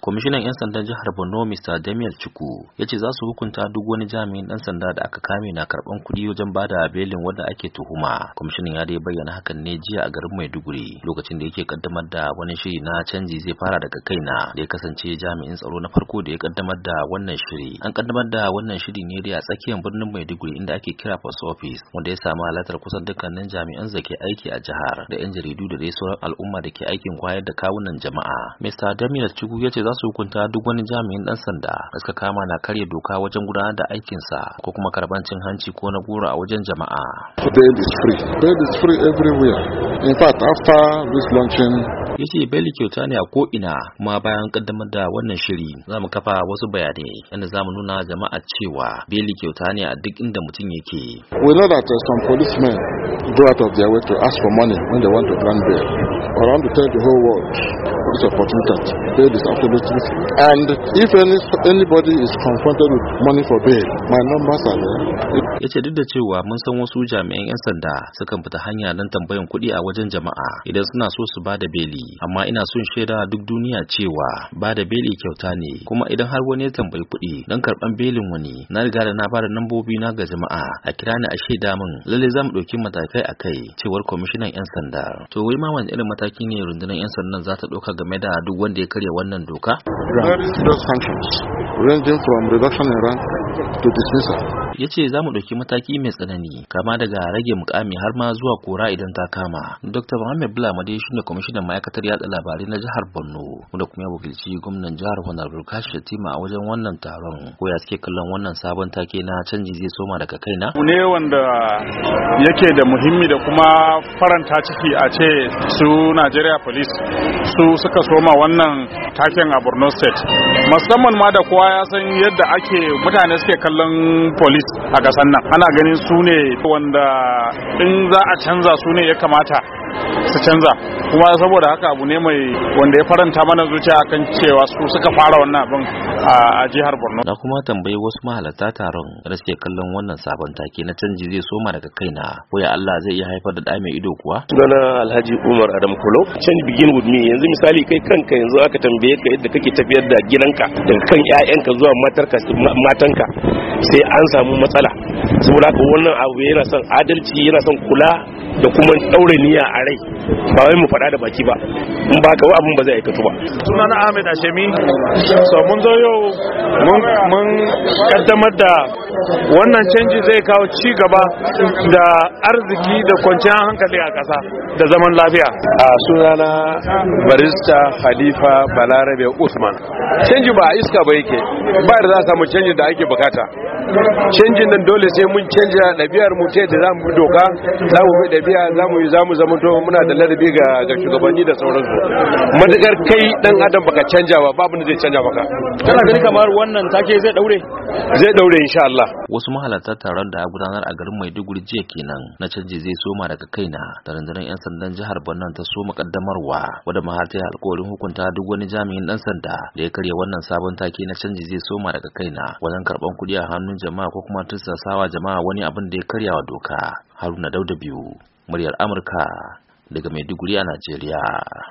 Kwamishinan 'yan sandan jihar Borno Mr. Damiel Chuku ya ce za su hukunta duk wani jami'in ɗan sanda da aka kame na karɓan kuɗi wajen bada belin wanda ake tuhuma. Kwamishinan ya dai bayyana hakan ne jiya a garin Maiduguri lokacin da yake kaddamar da wani shiri na canji zai fara daga kaina da ya kasance jami'in tsaro na farko da ya kaddamar da wannan shiri. An kaddamar da wannan shiri ne dai a tsakiyar birnin Maiduguri inda ake kira post office wanda ya samu halartar kusan dukkanin jami'an zake aiki a jihar da 'yan jaridu da dai sauran al'umma da ke aikin kwayar da kawunan jama'a. Mr. Damiel Chuku ya ce za su hukunta duk wani jami'in dan sanda da suka kama na karya doka wajen gudanar da aikinsa ko kuma karban cin hanci ko na gura a wajen jama'a. Bail is free. Bail is free everywhere. In fact, after this launching ya ce beli kyauta ne a ko'ina kuma bayan kaddamar da wannan shiri za mu kafa wasu bayanai yadda za mu nuna jama'a cewa beli kyauta ne a duk inda mutum yake we know that uh, some policemen go out of their way to ask for money when they want to grant bail or want to tell the whole world this opportunity bail is absolutely free and if any, anybody is confronted with money for bail my numbers are there ya ce duk da cewa mun san wasu jami'an 'yan sanda sukan fita hanya don tambayan kuɗi a wajen jama'a idan suna so su ba da beli amma ina son shaida duk duniya cewa ba da beli kyauta ne kuma idan har wani ya tambayi kuɗi don karɓan belin wani na riga da na fara nambobi na ga jama'a a kira ni a shaida min lalle za mu ɗauki matakai a kai cewar kwamishinan 'yan sanda to wai ma wani irin mataki ne rundunar 'yan sandan za ta ɗauka game da duk wanda ya karya wannan doka? ranging from reduction in rank to dismissal ya ce za mu ɗauki mataki mai tsanani kama daga rage mukami har ma zuwa kora idan ta kama dr muhammad bulamade shi ne kwamishinan ma'aikatar yada labarai na jihar borno wanda kuma ya wakilci gwamnan jihar honorable kashi shatima a wajen wannan taron ko ya suke kallon wannan sabon take na canji zai soma daga kaina mu ne wanda yake da muhimmi da kuma faranta ciki a ce su najeriya police su suka soma wannan taken a borno state musamman ma da kowa ya san yadda ake mutane suke kallon police a kasan nan ana ganin su ne wanda in za a canza su ne ya kamata su canza kuma saboda haka abu ne mai wanda ya faranta mana zuciya akan cewa su suka fara wannan abin a jihar Borno na kuma tambayi wasu mahalarta taron da suke kallon wannan sabon take na canji zai soma daga kaina ko ya Allah zai iya haifar da da mai ido kuwa sunana Alhaji Umar Adam Kulo change begin with me yanzu misali kai kanka yanzu aka tambaye ka yadda kake tafiyar da gidanka daga kan 'ya'yanka zuwa matanka sai an samu matsala saboda haka wannan abu yana son adalci yana son kula da kuma daure niyya a rai ba wai mu faɗa da baki ba in ba ka abun ba zai aikatu ba sunana Ahmed Ashemi so mun zo yau mun kaddamar da wannan canji zai kawo ci gaba da arziki da kwanciyar hankali a ƙasa da zaman lafiya a sunana barista Khalifa Balarabe Usman canji ba iska ba yake ba da za a samu canji da ake bukata canjin nan dole sai mun canja ɗabi'ar mu ta da za mu doka za mu bi ɗabi'a za mu yi za mu zama muna da ladabi ga ga shugabanni da sauransu matukar kai dan adam baka canja ba babu ne zai canja maka kana gani kamar wannan take zai daure zai daure insha Allah wasu mahalarta taron da gudanar a garin Maiduguri jiya kenan na canji zai soma daga kaina da rundunar yan sandan jihar Borno ta soma kaddamarwa wanda mahalarta alƙawarin hukunta duk wani jami'in dan sanda da ya karya wannan sabon take na canji zai soma daga kaina wajen karban kuɗi a hannu hannun jama'a ko kuma tursasawa jama'a wani abin da ya wa doka haruna dauda biyu muryar amurka daga maiduguri a najeriya